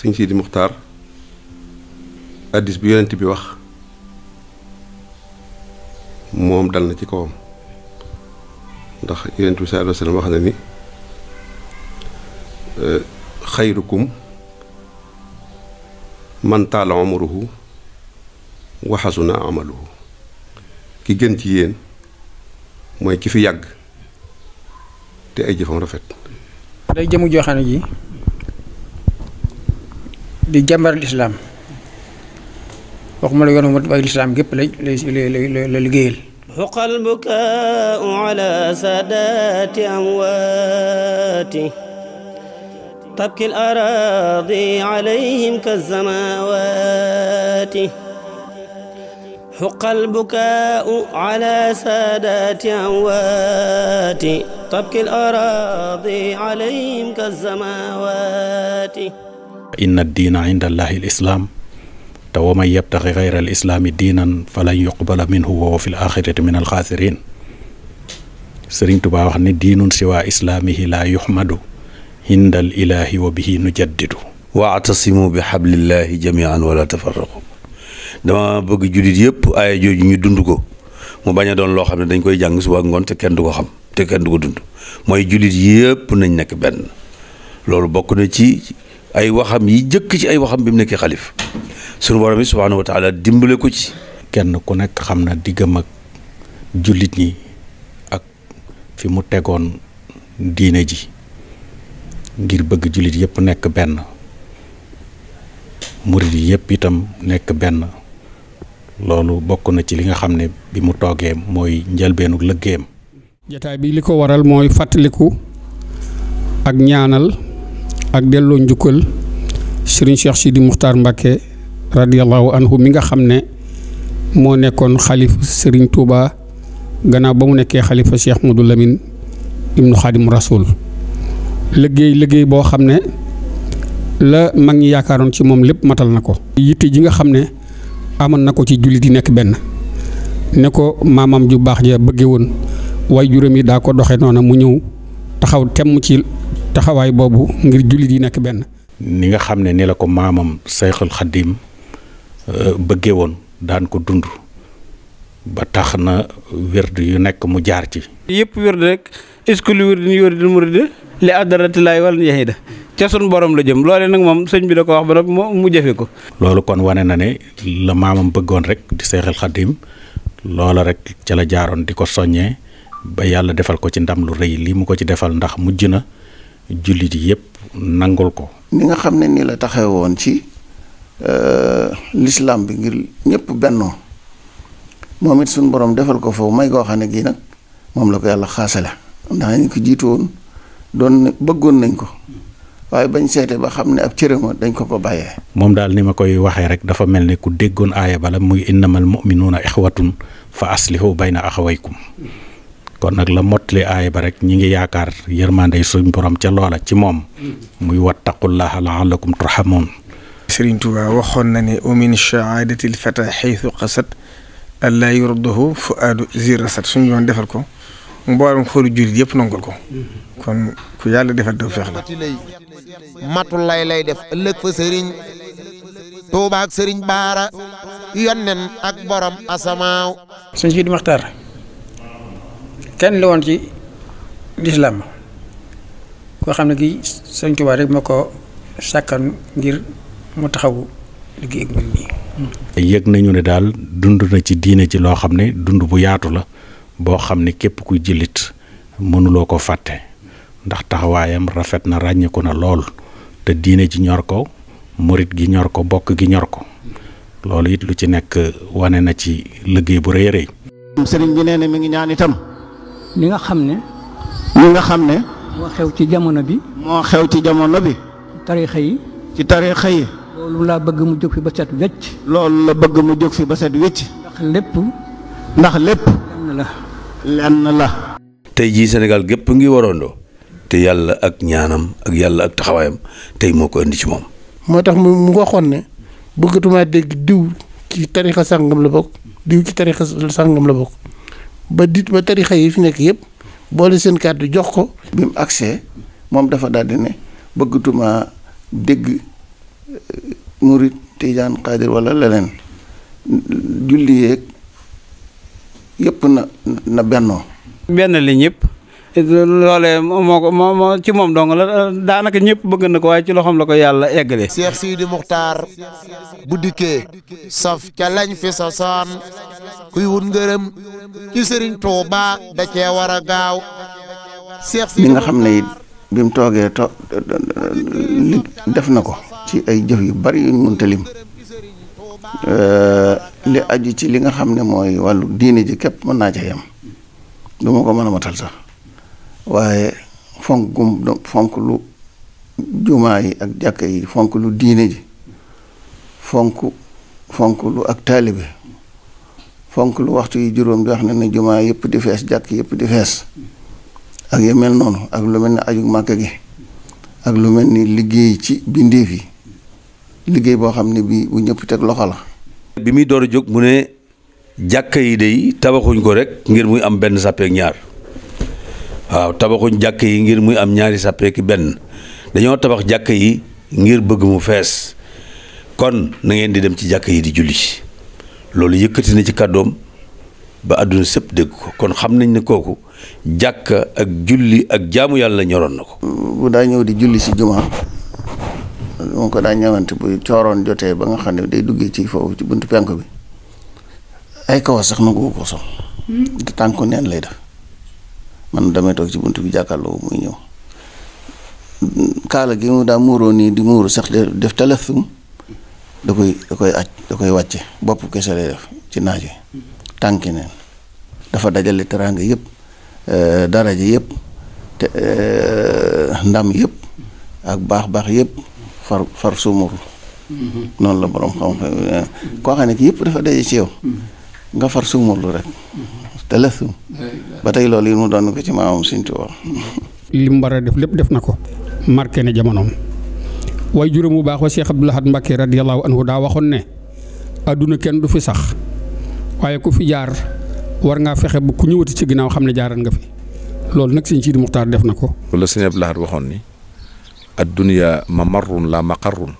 sëñ Sidi Muxtaar addis bi yonent bi wax moom dal na ci kawam ndax yonent bi sallallahu alayhi wasallam wax na ni xayrukum man taala umruhu wa hasuna amaluhu ki gën ci yéen mooy ki fi yàgg te ay jëfam rafet. day jëmu joo xam ne ji. di jambar l'islam waxuma la yoon wu waaye lislaam gépp la la la حق البكاء على سادات أمواته تبكي الأراضي عليهم كالزماوات حق البكاء على سادات أموات تبكي الأراضي عليهم كالزماوات إن الدين عند الله الإسلام ومن يبتغي غير الإسلام دينا falan yuqbala minhu wa fi l-axirati min al-xaasiriin Sëriñ Tuubaa wax ne diinun siwaa islaamihi laa yuxmadu hindal ilaahi wa bihi nujaddidu waatasimu bi xablillahi jamian wala tafarraqu dama bëgg jullit yëpp aaya jooju ñu dund ko mu bañ a doon loo xam ne dañ koy jàng suba ngoon te kenn du ko xam te kenn du ko dund mooy jullit yëpp nañ nekk benn loolu bokk na ci ay waxam yi jëkk ci ay waxam bi mu nekkee xalif sunu borom bi subhaanahu wa dimbale ko ci kenn ku nekk xam na diggam ak jullit yi ak fi mu tegoon diine ji ngir bëgg jullit yépp nekk benn murid yi yépp itam nekk benn loolu bokk na ci li nga xam ne bi mu toogee mooy njëlbeenu lëggéeyam jataay bi li ko waral mooy fàttaliku ak ñaanal ak delo njukkal serigne Cheikh Sidi mukhtar mbake radiyallahu anhu mi nga xamne mo nekkon khalifa serigne Touba gannaaw ba mu nekké khalifa Cheikh Modou Lamine ibnu khadim Rasoul liggey liggey bo xamne la mag yakaron ci mom lepp matal nako yitté ji nga xamne amon nako ci julit yi nekk benn ne ju bax ja bëgge way juremi da ko doxé nona mu ñew taxaw tem ci. taxawaay boobu ngir jullit yi nekk benn. ni nga xam ne ni la ko maamam Seyxul Xaddim euh, bëggee woon daan ko dund ba tax na wird yu nekk mu jaar ci. yëpp wird rek est-ce que lu wird ni wird murid li adaratilaay wala yahida ca sun borom la jëm loolee nag moom sëñ bi da ko wax ba noppi mu jëfe ko. loolu kon wane na ne la maamam bëggoon rek di Seyxul Xaddim loola rek ca la jaaroon di ko soññee ba yàlla defal ko ci ndam lu rëy lii mu ko ci defal ndax mujj na. jullit yépp nangul ko ni nga xam ne ni la taxee woon ci euh, lislaam bi ngir ñépp bennoo moom it suñ borom defal ko foofu may goo xam nag moom la ko yàlla xaasale ndax ñu ko jiitu woon doon bëggoon nañ ko waaye bañ seetee ba xam ne ab cërëma dañ ko ko bàyyee moom daal ni ma koy waxee rek dafa mel ni ku déggoon aaya bala muy innamal mu'minuuna ixwatun fa bay na axawaykum kon nag la mottali aay ba rek ñi ngi yaakaar yërmande suñ borom ca loola ci moom muy wattaqullaha laallakum turhamun sëriñ Tuubaa waxoon na ne wa min shahaadati lfata xaytu qasat allaa yurdahu fuaadu zirasat suñ doon defal ko mboolem xoolu jullit yëpp nangul ko kon ku yàlla defal daw feex la matul lay lay def ëllëg fa sëriñ Tuubaa ak sëriñ Baara yonnen ak borom asamaaw sëñ Sidi Maxtaar kenn la woon ci lislaam koo xam ne kii sëñ Tuubaa rek ma ko sàkkan ngir mu taxawu liggéey ak ñun nii. yëg nañu ne daal dund na ci diine ci loo xam ne dund bu yaatu la boo xam ne képp kuy jullit mënuloo ko fàtte ndax taxawaayam rafet na ràññeeku na lool te diine ci ñor ko murit gi ñor ko bokk gi ñor ko loolu it lu ci nekk wane na ci liggéey bu rëy a sëriñ bi nee na ngi ñaan itam. li nga xam ne. li nga xam ne. moo xew ci jamono bi. moo xew ci jamono bi. tariixa yi. ci tariixa yi. loolu laa bëgg mu jóg fi ba set wecc. loolu la bëgg mu jóg fi ba set wecc. ndax lépp. ndax lépp. lenn la. lenn la. tey jii Sénégal gépp ngi waroondoo te yàlla ak ñaanam ak yàlla ak taxawaayam tey moo ko indi ci moom. moo tax mu mu waxoon ne bëggatumaa dégg diw ci tariixa sàngam la bokk diw ci tariixa sàngam la bokk. ba dit ba tarixa yi fi nekk yëpp boole seen kàddu jox ko. bi mu agsee moom dafa daal di ne bëggatuma dégg eh, murit tijaan xaadir wala leneen julli yeeg yëpp na na bennoo. benn la ñëpp. loolee moo ko moo ci moom dong la daanaka ñëpp bëgg na ko waaye ci loxoom la ko yàlla eggale Cheikh Sidi Muxtaar bu dikkee saf ca lañ fi sosaan kuy wut ngërëm ci Sëriñ Tuuba da cee war a gaaw Cheikh li nga xam ne it bi mu toogee to li def na ko ci ay jëf yu bari yuñ mënta lim li aju ci li nga xam ne mooy wàllu diine ji képp mën naa ca yem du ma ko mën a matal sax waaye fonk gum fonk lu jumaa yi ak jàkka yi fonk lu diine ji fonk fonk lu ak taalibe fonk lu waxtu yi juróom di wax ne ne jumaa yëpp di fees jàkk yëpp di fees ak yu mel noonu ak lu mel ni aju màkk gi ak lu mel ni liggéey ci bindeef yi liggéey boo xam ne bii bu ñëpp teg loxo la. bi muy door jóg mu ne jàkk yi day tabaxuñ ko rek ngir muy am benn sàppeek ñaar. waaw tabaxuñ jàkk yi ngir muy am ñaari sàppe ki benn dañoo tabax jàkk yi ngir bëgg mu fees kon na ngeen di dem ci jàkk yi di julli ci loolu yëkkati na ci kàddoom ba àdduna sëpp dégg ko kon xam nañ ne kooku jàkk ak julli ak jaamu yàlla ñoroon na ko bu daa ñëw di julli si jumaa moo ko daa ñëwante bu cooroon jotee ba nga xam ne day duggee ci foofu ci buntu penk bi ay kawas sax nangu ko sol hmm? lay def man damay toog ci buntu bi jàkkaarloo muy ñëw kaala gi mu daa muuroo nii di muuru sax def telefum da koy da koy aj da koy wàcce boppu kese lay def ci naaj wi tànki neen dafa dajale teraanga yëpp eh, daraja yëpp te eh, ndam yëpp ak baax baax yëpp far far sumuru noonu la borom xam-xam eh, koo xam ne ki yëpp dafa daje ci yow nga far sumurlu rek talasu iya, iya. ba tey loolu mu doon ko ci maam seigne def lepp def na ko marqué ne jamonoom waaye juróom mu wa Cheikh abdullah Ahad mbake radiyallahu anhu da waxon ne aduna kenn du fi sax waye ku fi jaar war nga fexé bu ku ñëwati ci ginaaw xam jaaran nga fi nak seigne def nako ko seigne abdullah Abdoul Ahad waxoon ni mamarrun la maqarrun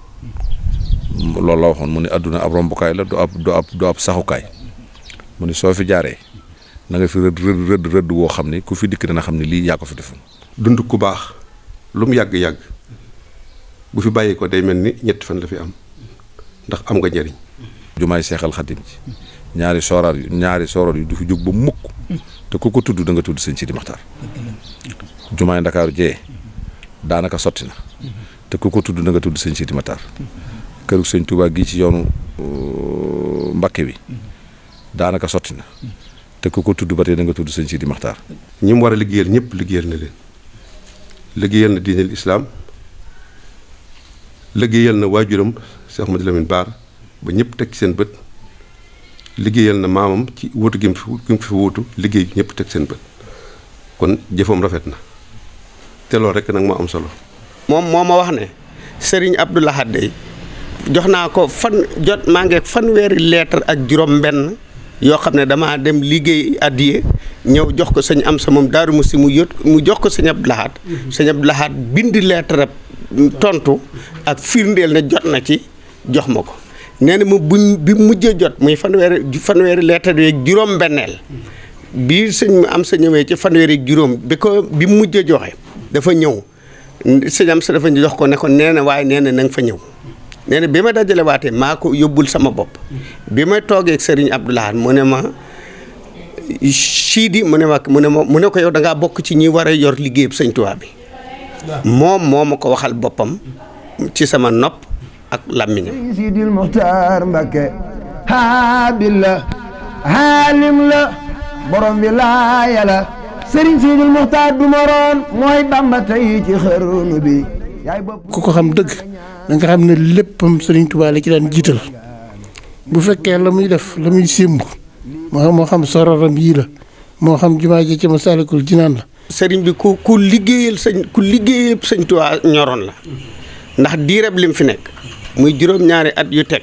loolu la waxoon mu ni aduna ab kay la du ab du ab du ab mu ni so fi jaaré nanga fi rëdd rëdd rëdd woo xam ne ku fi dikk dana xam ne lii yaa ko fi defoon. dund ku baax lu mu yàgg yàgg bu fi bàyyi ko day mel ni ñetti fan la fi am ndax am nga njëriñ. jumaay seexal xadim ji ñaari sooraar yu ñaari sooroor yu du fi jóg ba mukk te ku ko tudd danga tudd sëñ Sidi Maxtaar jumaay ndakaaru jee daanaka sotti na te ku ko tudd da nga tudd sëñ Sidi Maxtaar këru sëñ Tuubaa gi ci yoonu uh, Mbakke bi daanaka sotti na te ku ko tudd ba tey da nga tudd sëñ Sidi Maxtaar. ñi mu war a liggéeyal ñëpp liggéeyal na leen liggéeyal na diineel islaam liggéeyal na waajuram Cheikh Mouhamadou ba ñëpp teg seen bët liggéeyal na maamam ci wóotu gi mu liggéey ñëpp teg seen bët kon jëfam rafet na te loolu rek nag moo am solo. moom moo ma wax ne sëriñ Abdou Lahad day jox naa ko fan jot maa fan fanweeri lettre ak juróom-benn. yoo xam ne damaa dem liggéey addiye ñëw jox ko sëñ am sa moom daaru mu si mu yët mu jox ko sëñ laxaat Lahad laxaat mhm. Abdou Lahad bind lettre tontu ak firndeel ne jot na ci jox ma ko nee na mu buñ mujjee jot muy fanweeri fanweeri lettre yeeg juróom-benneel mhm. bi am sa ci fanweeri juróom bi ko bi mu mujjee joxe dafa ñëw sëñ am sa dafa jox ko ne ko nee na waaye nee na na fa ñëw. nee bi ma dajalewaatee maa ko yóbbul sama bopp bi ma toogee sëriñ Abdou Lahad mu ne ma siidi mu ne ma mu ne ma mu ne ko yow dangaa bokk ci ñi war a yor liggéeyub Sëñ Tuubaa moom moo ma ko waxal boppam ci sama nopp ak làmmiñam Sidil Muxtaar la haalim la borom wilaaya la sëriñ Sidil Muxtaar du moroon mooy Bàmba ci xërnu bi ku ko xam dëgg da xam ne léppam Serigne Touba la ci daan jiital bu fekkee la muy def la muy sémb moo xam moo xam sororam yii la moo xam jumaa ji ci Masaalikul Jinaan la. sëriñ bi ku ku liggéeyal sëñ ku liggéeyal sëñ Touba ñoroon la ndax diireb lim fi nekk muy juróom-ñaari at yu teg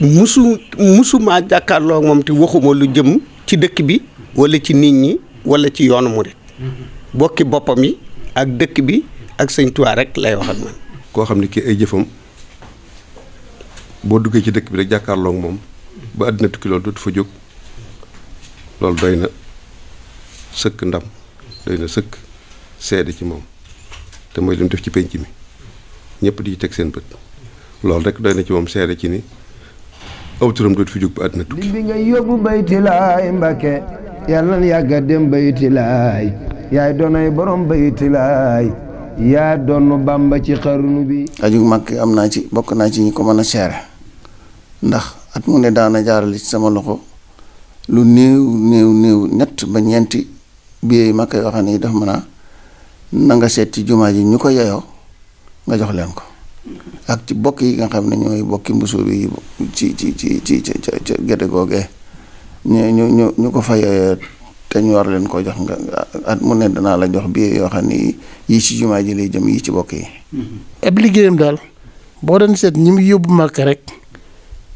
musu musumaa jàkkaarloo moom te waxuma lu jëm ci dëkk bi walla ci nit ñi wala ci yoonu murit bokki boppam yi ak dëkk bi ak sëñ Touba rek lay wax man. koo xam ne kii ay jëfam boo duggee ci dëkk bi rek jàkkaarloog moom ba àddina tukki loolu dootu fa jóg loolu doy na sëkk ndam doy na sëkk seede ci moom te mooy li mu def ci penc mi ñëpp di ci teg seen bët loolu rek doy na ci moom seede ci ni aw turam dootu fi jóg ba àddina tukki bi nga yóbbu baytilaay Mbàkke yàlla na yàgga dem baytilaay yaay doonay borom baytilaay yaa doon Bàmba ci xarnu bi. aju mag am naa ci bokk naa ci ñi ko mën a seere ndax at mu ne daana jaarale ci sama loxo lu néew néew néew ñett ba ñeenti biyee makka yoo xam ne daf mën a na nga seet ci jumaa ji ñu ko yeyoo nga jox leen ko ak ci bokk yi nga xam ne ñooy bokki mbusuur bi ci ci ci ci ca gerte googee ñu ñu ñu ko fa yeyoo te ñu war leen koo jox nga at mu ne danaa la jox bi yoo xam ne yii ci jumaa ji jëm yii ci bokk yi. Mm-hmm. ab liggéeyam daal boo doon seet ñi mu yóbbu màkk rek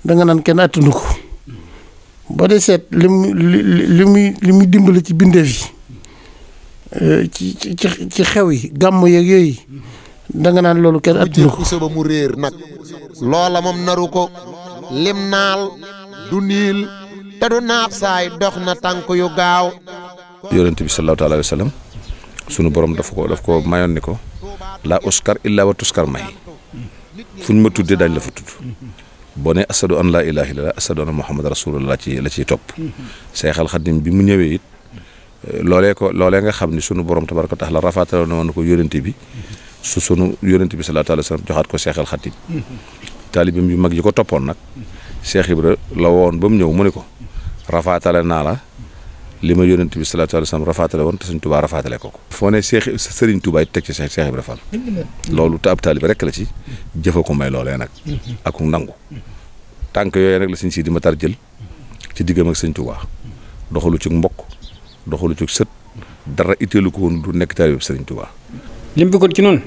danga nga naan kenn attanu ko mm-hmm. boo dee seet li mu li muy li muy dimbali ci bindeef yi euh, ci ci xew yi gàmm yeeg yooyu mm-hmm. da naan loolu kenn attanu ko. ba loola moom naru ko lim naal du niil. te du naab saay dox na tànk yu gaaw. yonent bi sallallahu alayhi wa sallam sunu borom daf ko daf ko mayoon ni ko laa uskar illaa wa tuskar may fu ñu ma tuddee daañu la fa tudd boo nee asadu an laa ilaaha illallaah asadu anna muhammad rasulullah ci la ciy topp. seexal xadim bi mu ñëwee it loolee ko loolee nga xam ni sunu borom tabaaraka taala rafaatale na woon ko yonent bi su sunu yonent bi sallallahu alayhi wa sallam joxaat ko seexal xadim. taalibam yu mag yi ko toppoon nag. Cheikh Ibra la woon ba mu ñëw mu ne ko rafaatale naa la li ma yónnent bi salaatu alayhi salaam rafaatale woon te sañ tubaa rafaatale ko ko foo ne Cheikh Serigne Touba it teg ci Cheikh Ibra Fall loolu te ab taalibe rek la ci jëfa ko may loolee nag ak nangu tànk yooyee nag la suñ si di ma tar jël ci diggam ak sëñ Touba doxalu ci mbokk doxalu ci sët dara itteelu ko woon du nekk taalibe Serigne Touba lim bëggoon ci noonu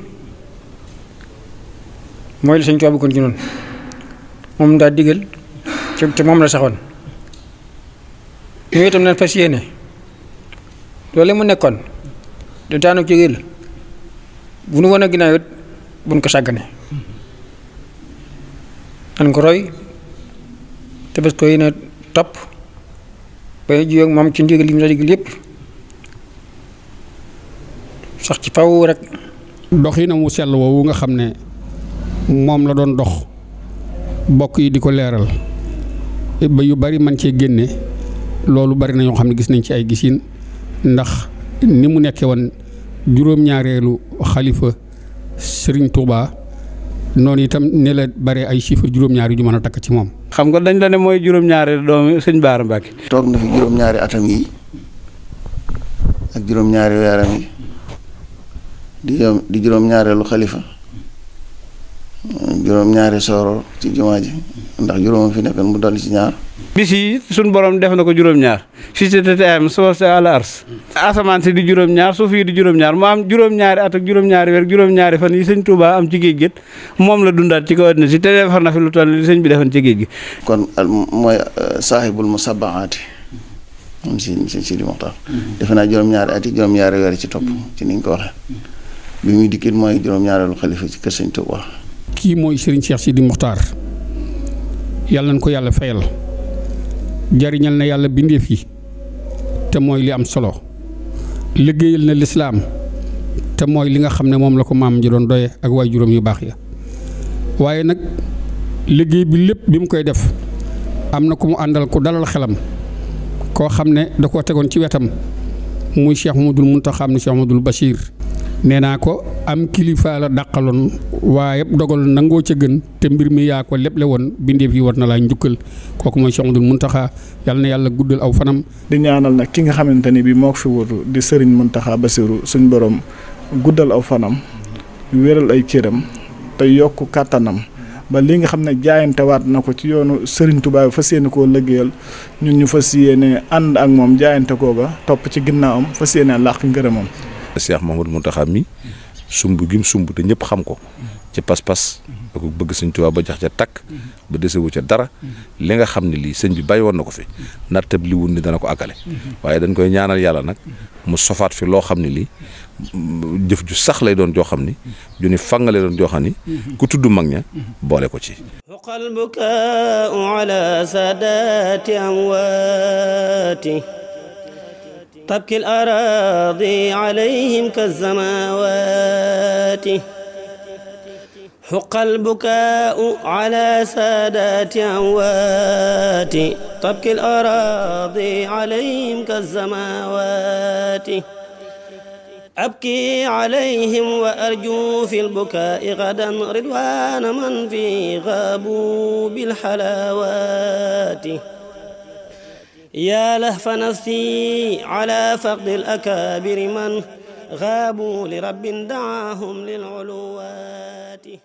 mooy la sëñ Touba bëggoon ci noonu moom daa digal te moom la saxoon ñoo itam nañ fas yéene loolu mu nekkoon du taanu jóge la bu nu wan a ginnaaw it buñ ko sàggane nan ko roy te bés ko yéene topp ba jiyoog moom ci ndigal li mu digal yépp sax ci faw rek dox yi na mu sell woowu nga xam ne moom la doon dox bokk yi di ko leeral ba yu bari man cee génne loolu bari na ñoo xam ne gis nañ ci ay gisin ndax ni mu nekkee woon juróom-ñaareelu xalifa sëriñ Touba noonu itam ne la bari ay chiffres juróom-ñaar yu ñu takk ci moom. xam nga dañ la ne mooy juróom-ñaari doomi sëñ Baara Mbacke. toog na fi juróom-ñaari atam yi ak juróom-ñaari weeram yi di di juróom-ñaareelu xalifa juróom-ñaari sooro ci jumaa ji ndax juróom fi nekkoon mu dolli ci ñaar. bisi sun borom def na ko juróom-ñaar si am so sa àla ars asaman si di jurom ñaar so fi di jurom ñaar mo am jurom ñaari at ak jurom ñaari wer jurom ñaari fan yi seigne Touba am ci géej gi moom la dundat ci ko àddina si te defar na fi lu tan li sëñ bi defoon ci géej gi kon moy euh, sahibul musabaati am si ci Sidi Moxtaar mm-hmm. defe naa jurom ñaari at jurom ñaari wer ci top ci ni ko waxe mm-hmm. bi muy dikkit mooy juróom-ñaareelu khalifa ci kër sëñ Touba ki moy sëriñ Cheikh Sidi Moxtaar yàlla nañ ko yàlla fayal jariñal na yàlla bindeef yi te mooy li am solo liggéeyal na lislaam te mooy li nga xam ne moom la ko maam ji doon doye ak waay juróom yu baax ya waaye nag liggéey bi lépp bi mu koy def am na ku mu àndal ku dalal xelam koo xam ne da koo tegoon ci wetam muy Cheikh Mamadul Muntaxa xam ne Cheikh dul Bachir nee naa ko am kilifa la dàqaloon waaye yëpp dogal nangoo ca gën te mbir mi yaa ko leble woon bindeef yi war na laa njukkal kooku mooy Cheikh Ahmadoul Mountakha yàlla na yàlla guddal aw fanam. di ñaanal nag ki nga xamante ni bii moo ko fi wutu di Serigne Mountakha Bassirou suñ boroom guddal aw fanam wéral ay cëram te yokk kàttanam ba li nga xam ne jaayantewaat na ko ci yoonu Serigne Touba fas yéene koo lëggéeyal ñun ñu fas yéene ànd ak moom jaayante koo ga topp ci ginnaawam fas yéene làq ngërëmam. Cheikh Mamadou Mountakha mi sumbu gim sumbu te ñep xam ko ci pas pass ak bëgg sëñ touba ba jax ca tak ba wu ci dara li nga xam ni li sëñ bi bàyyi woon na fi nattab li wu ni dana ko akalé waye dañ koy ñaanal yalla nak mu sofaat fi lo xam ni li jëf ju sax lay doon jo xam ni ju ni doon jo xam ni ku tuddu mag boole ko ci تبكي الأراضي عليهم كالسماوات حق البكاء على سادات أموات تبكي الأراضي عليهم كالسماوات أبكي عليهم وأرجو في البكاء غدا رضوان من في غابوا بالحلاوات يا لهف نفسي على فقد الأكابر من غابوا لرب دعاهم للعلوات